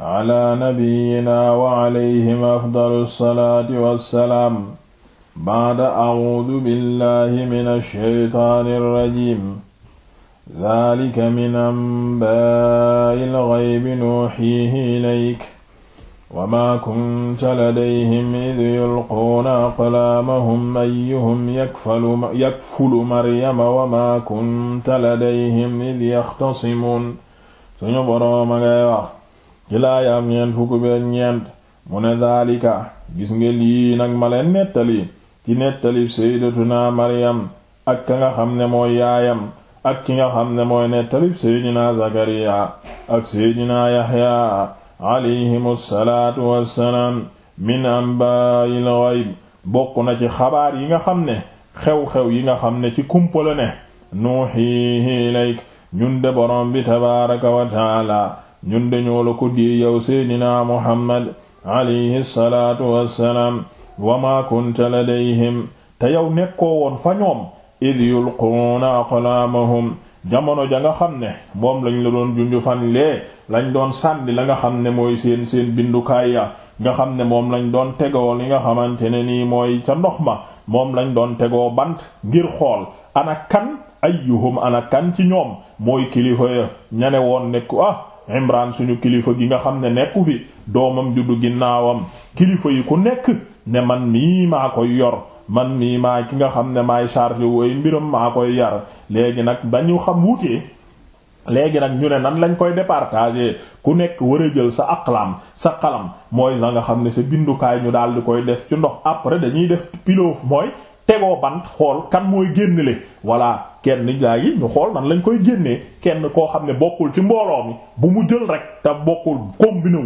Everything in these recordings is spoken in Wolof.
ala nabiyyina wa alayhim afdalu salaati wassalaam ba'da a'uudu billahi mina shaytaani rajiim zaalika min anbaa'il ghaybi nuuhiihi ilayka wa maa kunta ladayhim idh yulquuna aqlaamahum ayyuhum yakfulu maryama wa maa kunta ladayhim idh yaxtasimuun suñu boroom a ngay wax ci laayaam ñeent fukk beeg ñeent mu ne daalika gis ngeen yii nag ma leen nettali ci nettali sayyidatuna Maryam ak ka nga xam ne mooy yaayam ak ki nga xam ne mooy nettali seydina Zakariya ak seydina Yahya alayhimu salaatu wassalaam min ambaayil ghaib bokk na ci xabaar yi nga xam ne xew-xew yi nga xam ne ci kumpala ne nuuhiihi ilayk ñun de tabaaraka wa ñun dañoo la ko di yow seydinaa muhammad alayhi salaatu wassalaam wa maa kunta te yow nekkoo woon fa ñoom id yulquuna aqlaamahum jamono ja nga xam ne moom lañ la doon junju fan lee lañ doon sànni la nga xam ne mooy seen seen bindukaay ya nga xam ne moom lañ doon tegoo li nga xamante ne nii mooy ca ndox ma moom lañ doon tegoo bant ngir xool ana kan ayyuhum ana kan ci ñoom mooy kilifa ya ñane woon nekku ah Imran suñu kilifa gi nga xam ne nekku fi doomam juddu ginnaawam kilifa yi ku nekk ne man mii maa koy yor man mii maa ki nga xam ne maay chargé wooy mbiram maa koy yar léegi nag dañu xam wutee léegi nag ñu ne nan lañ koy départager ku nekk war a jël sa aqlam sa xalam mooy la nga xam ne sa bindukaay ñu daal di koy def ci ndox après dañuy def piloof mooy tegoo bant xool kan mooy génnle voilà kenn laa yi ñu xool nan lañ koy génnee kenn koo xam ne bokkul ci mbooloo mi bu mu jël rek te bokkul combiné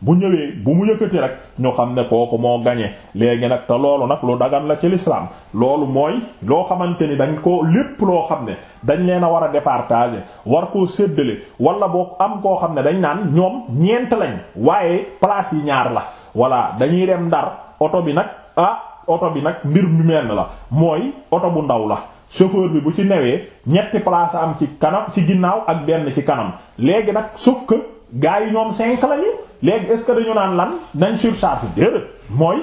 bu ñëwee bu mu yëkkati rek ñu xam ne kooku moo gañe léegi nag te loolu nag lu dagan la ci l'islam loolu mooy loo xamante ni dañ ko lépp loo xam ne dañ leen a war a départager war koo séddale wala boo am koo xam ne dañ naan ñoom ñeent lañ waaye place yi ñaar la voilà dañuy dem ndar oto bi nag ah, oto bi nag mbir mi menn la mooy oto bu ndaw la chauffeur bi bu ci newee ñetti place am ci kanam ci ginnaaw ak benn ci kanam léegi nag suuf que gars yi ñoom cinq lañu léegi est-ce que dañu naan lan nañ surcharge déedéet mooy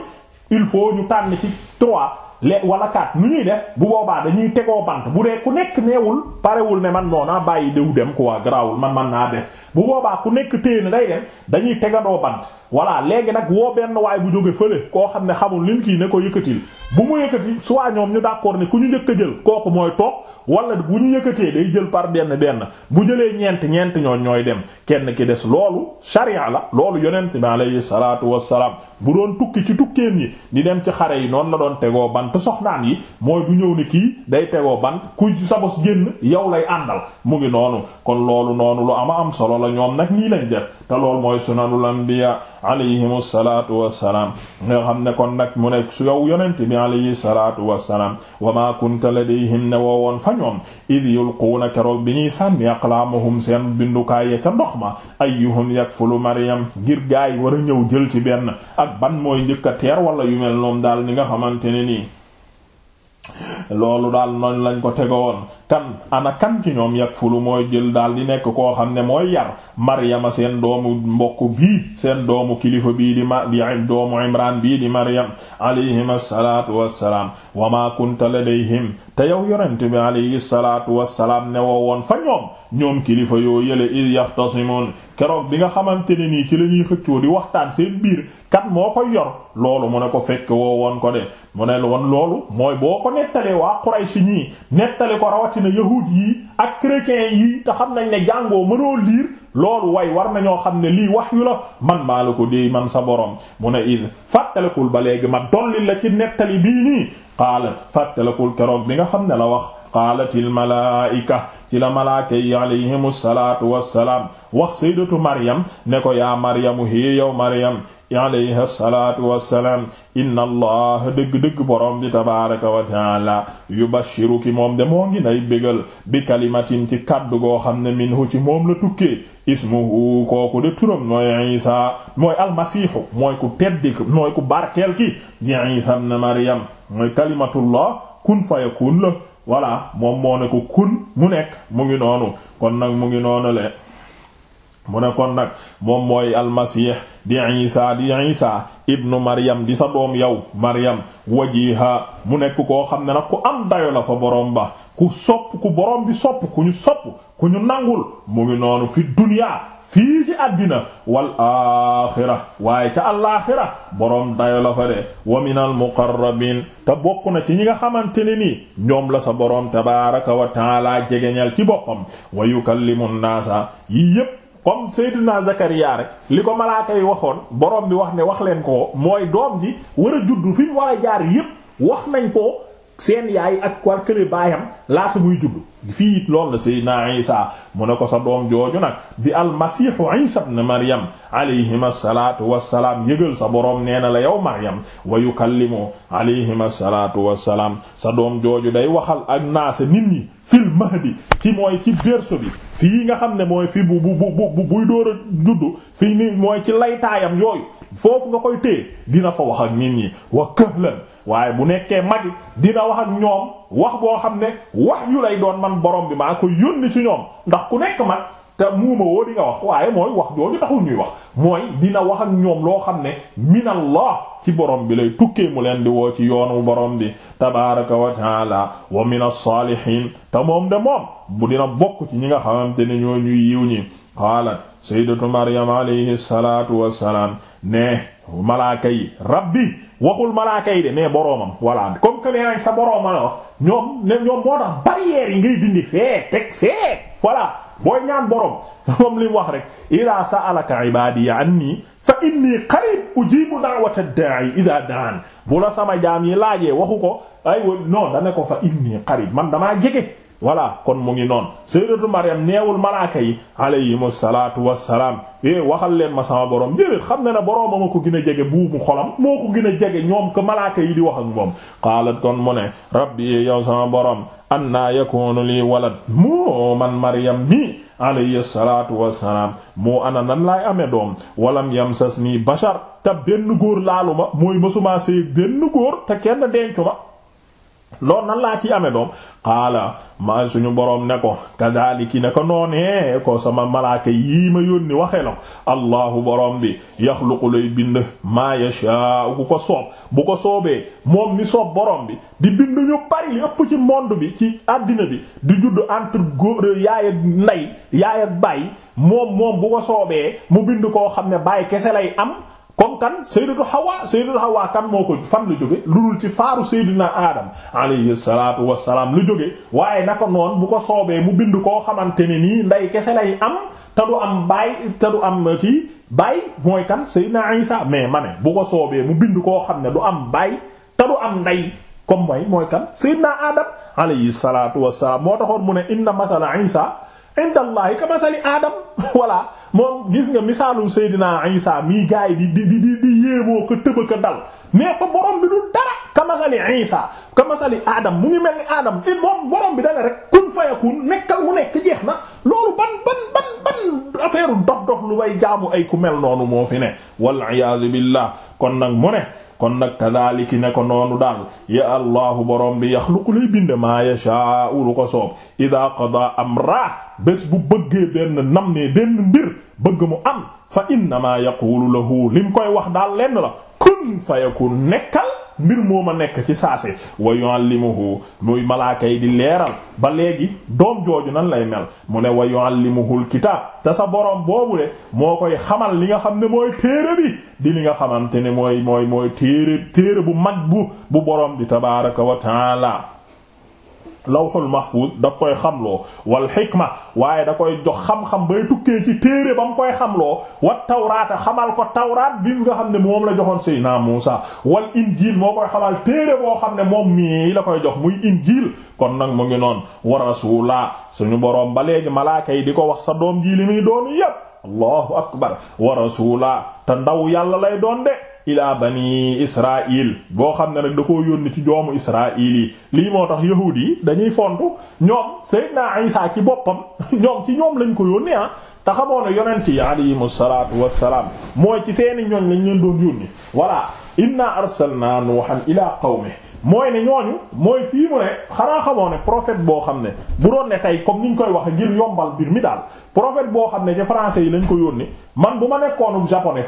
il faut ñu tànn ci trois le wala kat nu ñuy def bu boobaa dañuy tegoo bant bu dee ku nekk neewul parewul ne man noonaa bàyyi déw dem waa garaawul man man naa des bu boobaa ku nekk téye na day dem dañuy tegadoo bant voilà léegi nag woo benn waay bu jóge fële koo xam ne xamul lin kii ne ko yëkkatil bu mu yëkkati soit ñoom ñu d'accord ne ku ñu njëkk a jël kooku mooy toog wala bu ñu yëkkatee day jël par benn benn bu jëlee ñeenti ñeenti ñoo ñooy dem kenn ki des loolu sharia la loolu yonent bi alayhi salaatu salaam bu doon tukki ci tukkeem yi di dem ci xare yi noonu la doon tegoo bant soxnaan yi mooy du ñëw ni kii day tegoo bant ku sa bos génn yow lay àndal mu ngi noonu kon loolu noonu lu ama am solo la ñoom nag nii lañ def te loolu mooy alayhim salaatu wassalaam nga xam ne kon nag mu nekk su yow yonent bi alayhi salaatu wassalaam wa maa kunta ladayhim ne woo fa ñoom id yulquuna keroog bi ñuy sànni aqlaamahum seen bindukaay ya ca ndox ma ayyuhum maryam ngir gaay war a ñëw jël ci benn ak ban mooy njëkk a teer wala yu mel noonu daal ni nga xamante ne nii loolu daal noonu lañ ko tegoon kan ana kan ci ñoom yakfulu mooy jël daal di nekk koo xam ne mooy yar maryama seen doomu mbokk bii seen doomu kilifa bii di ma di doomu imran bii di maryam alayhim wa wassalaam wa ma kunta ladayhim te yow yonent bi alayhi salaatu wassalaam ne woo woon fa ñoom ñoom kilifa yoo yële iz yaxtasimun keroog bi nga xamante ne nii ci la ñuy xëccoo di waxtaan seen biir kat moo koy yor loolu mu ne ko fekk woo woon ko de mu ne woon loolu mooy boo ko nettalee rawatina yahuud yi ak chrétiens yi te xam nañ ne jàngoo mënoo liir loolu way war nañoo xam ne lii wax yu la man maa ko di man sa borom mu ne id fàttalakul ba léegi ma dolli la ci nettali bii nii xaala fàttalakul keroog bi nga xam ne la wax qaalatil malaa'ika ci la malaaka yi alayhimu salaatu wassalaam wax sayyidatu maryam ne ko yaa maryamu hee yow maryam alayha salaatu wassalaam inna allah dëgg-dëgg borom bi tabaaraka wa taala yubashiruki moom de moo ngi nay bégal bi kalimatin ci kaddu goo xam ne minhu ci moom la tukkee ismuhu kooku de turam mooy isa mooy almasihu ku teddi ki di isa maryam mooy kalimatullah kun fayakun la voilà moom moo ne ko kun mu nekk mu ngi noonu kon nag mu ngi noonu le mu ne kon nag moom mooy almasih di isa di isa ibnu maryam di sa doom yow maryam wajiha mu nekk koo xam ne nag ku am dayo la fa borom ba ku sopp ku borom bi sopp ku ñu sopp ku ñu nangul mu ngi noonu fi duniyaa fii ci àddina wal aaxira waaye ca alaaxira borom dayo la fa de wa minal muqarrabiin te bokk na ci ñi nga xamante ne nii ñoom la sa borom tabaaraka wa taala jegeñal ci boppam wa yukallimu naasa yi yépp comme Seydina Zakariya rek li ko malaaka yi waxoon borom bi wax ne wax leen ko mooy doom ji war a juddu fi mu war a jaar yépp wax nañ ko seen yaay ak war kële baayam laata muy judd fii it loolu la Seydina mu ne ko sa doom jooju nag di almasihu Isa ibn Maryam alayhima salaatu wassalaam yëgël sa boroom nee na la yow Maryam wa yukallimu alayhima salaatu wassalaam sa doom jooju day waxal ak naasa nit ñi fil mahdi ci mooy ci berceau bi fii nga xam ne mooy fi bu bu bu buy dóor a fii mooy ci laytaayam yooyu foofu nga koy téye dina fa wax ak nit ñi wa këhlan waaye bu nekkee magi dina wax ak ñoom wax boo xam ne wax yu lay doon man borom bi maa ko yónni ci ñoom ndax ku nekk mag te muuma woo di wax waaye mooy wax jooju taxul ñuy wax mooy dina wax ak ñoom loo xam ne minallah ci borom bi lay tukkee mu leen di woo ci yoonu borom bi tabaraka wa taala wa minas salihin te moom de moom bu dina bokk ci ñi nga xamante ne ñoo ñuy yiw ñi qaalat sayyidatu maryam alayhi salaatu wassalaam ne malaaka rabbi waxul malaaka de mais boroomam voilà comme que nee nañ sa borooma la wax ñoom ne ñoom moo tax barrières ngay dindi fee teg fee voilà booy ñaan boroom moom li wax rek ida sa'alaka ibadiya anni fa inni qarib ujibu da'wata da'i ida daan bu sama jaam yi laajee waxu ko ay non dane ko fa inni qarib man damaa jege voilà kon mu ngi noonu sayyidatu Maryam neewul malaaka yi alayhimu salaatu wassalaam eh waxal leen ma sama borom déedéet xam na ne borooma ma ko gën a jege buubu xolam moo ko gën a jege ñoom ko malaaka yi di wax ak moom qaalat kon mu ne rabbi yow sama boroom anna yakunu lii walad moo man Maryam mi alayhi salaatu wassalaam moo ana nan laay amee doom walam yamsasnii bashar te benn góor laalu ma mooy mësumaa séy benn góor te kenn dencu ma loolu nan laa ci amee doom xaala ma suñu boroom ne ko kadaliki ne ko noonee ko sama malaaka yii ma yónni waxee la allahu boroom bi ko lay bind maa yashaa ku ko soob bu ko soobee moom mi soob boroom bi di bind ñu bari li ëpp ci monde bi ci àddina bi di judd entre góor yaay ak ndey yaay ak moom moom bu ko soobee mu bind koo xam ne baay kese lay am comme kan sayyidatu Hawa sayyidatu Hawa kan moo ko fan lu jóge lu dul ci faaru sayyidina Adam alayhi salaatu wassalaam lu jóge waaye naka noon bu ko soobee mu bind koo xamante ne nii nday kese lay am te du am baay te du am kii baay mooy kan sayyidina Isa mais ma ne bu ko soobee mu bind koo xam ne du am baay te am nday comme mooy mooy kan sayyidina Adam alayhi salaatu wassalaam moo taxoon mu ne inna mathala Isa indallahi ka masali adam voilà moom gis nga misaalum Seydina Isa mii gaay di di di di yéemoo ko tëba ko dal mais fa borom bi du dara kamasali Isa kamasali Adam mu ngi mel ni Adam il moom borom bi dala rek kun fayakun nekkal mu nekk jeex na loolu ban ban ban ban affaire dof-dof lu jaamu ay ku mel noonu moo ne wal iyaazu billah kon nag mu ne kon nag kadaaliki ne ko noonu daal ya allahu borom bi yaxluqu lay ko soob idaa qadaa amra bés bu bëggee benn nam ne benn mbir bëgg mu am fa innamaa yaqulu lahu lim koy wax daal lenn la kun fayakun nekkal mbir moo ma nekk ci saase wa yuallimuhu muy malaaka yi di leeral ba léegi doom jooju nan lay mel mu ne wa yuallimuhul kitaab te sa borom boobu de moo koy xamal li nga xam ne mooy téere bi di li nga xamante ne mooy mooy mooy téere téere bu mag bu bu borom di tabaaraka wa taala lawhul mahfuz da koy xamloo wal xikma waaye da koy jox xam-xam bay tukkee ci téere ba mu koy xamloo wa tawraata xamal ko tawraat bi nga xam ne moom la joxoon Seydina Muusa wal injiil moo koy xamaal téere boo xam ne moom mii la koy jox muy injiil kon nag mu ngi noon wa rasuula suñu borom ba léegi malaaka yi di ko wax sa doom ji li muy doom yépp allahu akbar wa te ndaw yàlla lay doon de ilaa bani israil boo xam ne nag da koo yónni ci doomu israil yi lii moo tax yahuud yi dañuy fontu ñoom Seydina Isa ci boppam ñoom ci ñoom lañ ko yónni ah te xamoo ne yonent yi alayhimu salaatu wassalaam mooy ci seeni ñoñ lañ leen doon yónni voilà inna arsalna nuuhan ila qawmi mooy ne ñooñu mooy fii mu ne xanaa xamoo ne prophète boo xam ne bu doon ne tey comme ñu koy waxe ngir yombal mbir mi daal prophète boo xam ne ca français yi lañ ko yónni man bu ma nekkoonub japonais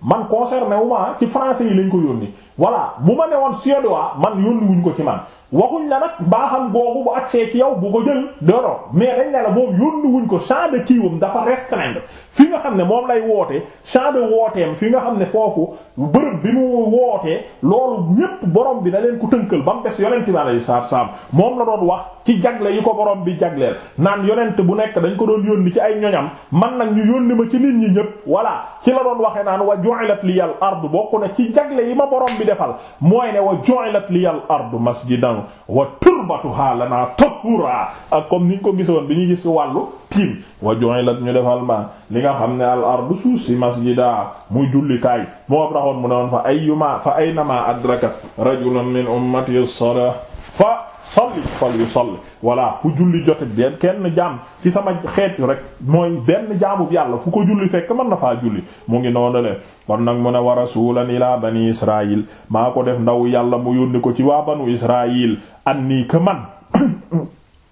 man concerné wu ma ci français yi lañ ko yónni voilà bu ma ne woon suédois man yónni ko ci man waxuñ la nag baaxam googu bu agsee ci yow bu ko jël doro mais dañ ne la moom yónni wuñ ko champ de kiiwam dafa restreindre fi nga xam ne moom lay woote champ de wooteem fi nga xam ne foofu bërëb bi mu wootee loolu ñépp borom bi na leen ko tënkal ba mu des yonent bi alayhi salaatu salaam moom la doon wax ci jagle yi ko borom bi jagleel naan yonent bu nekk dañ ko doon yónni ci ay ñoñam man nag ñu yónni ma ci nit ñi ñépp voilà ci la doon waxee naan wa ju'ilat liyal ardu bokk na ci jagle yi ma borom bi defal mooy ne wa ju'ilat liyal ardu masjidan wa turbatuha lana tahura ak comme ni niñ ko gisoon bi ñu gis wàllu tiim wa ju'ilat ñu defal ma li nga xam ne al ardu suuf si masjida muy jullikaay moo taxoon mu ne woon fa ayyuma fa aynama adrakat rajulun min ummati as-salah fa salli fal yusalli voilà fu julli jote benn kenn jaam ci sama xeet yu rek mooy benn jaamub yàlla fu ko julli fekk mën na faa julli mu ngi noonu le kon nag mu ne wa rasulan ilaa bani israil maa ko def ndaw yàlla mu yónni ko ci waa banu israil an nii ka man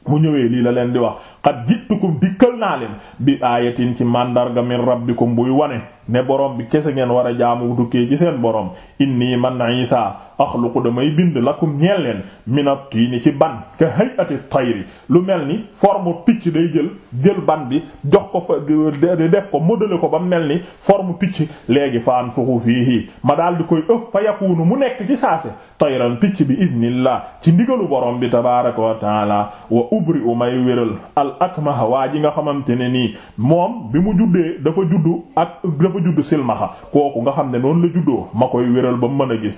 mu ñëwee lii la leen di wax qad jittukum dikkal naa leen bi aayatin ci mandarga min rabbikum buy wane ne borom bi kese ngeen war a jaamu dukkee ci seen borom inni man isa axluqu damay bind lakum ñeel leen minat tiini ci ban ka hay'ati tayri lu mel ni forme picc day jël jël ban bi jox ko fa def ko mu modeler ko ba mu mel ni forme picc léegi fa anfuxu fiihi ma daal di koy ëf fa yakunu mu nekk ci saase tayran picc bi idnillah ci ndigalu borom bi tabaaraka wa taala wa ubri u may wéral al akmaha waa ji nga xamante ne nii moom bi mu juddee dafa juddu ak dafa juddu silmaxa kooku nga xam ne noonu la juddoo ma koy wéral ba mën a gis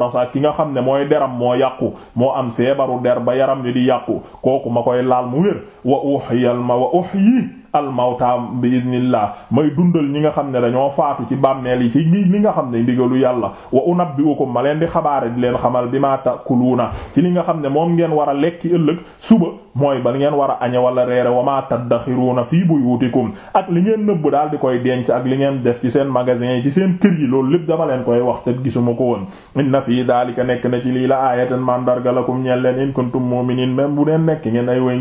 abrasa ki nga xam ne mooy deram moo yàqu moo am feebaru der ba yaram ni di yàqu kooku ma koy laal mu wér wa uhyal ma wa uhyi almawta bi idnillah may dundal ñi nga xam ne dañoo faatu ci bàmmeel yi ci ngi li nga xam ne ndigalu yàlla wa unabbiukum ma leen di xabaare di leen xamal bi ma takuluna ci li nga xam ne moom ngeen war a lekki ëllëg suba mooy ba ngeen war a añe wala reere wa ma taddaxiruna fii buyutikum ak li ngeen nëbb daal di koy denc ak li ngeen def ci seen magasin yi ci seen kër yi loolu lépp dama leen koy wax te gisuma ko woon inna fii daalika nekk na ci lii la aayatan mandarga lakum ñeel leen in kuntum mu'minin même bu deen nekk ngeen ay way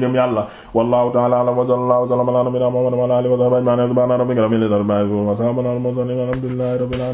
a a a a rabbil alamin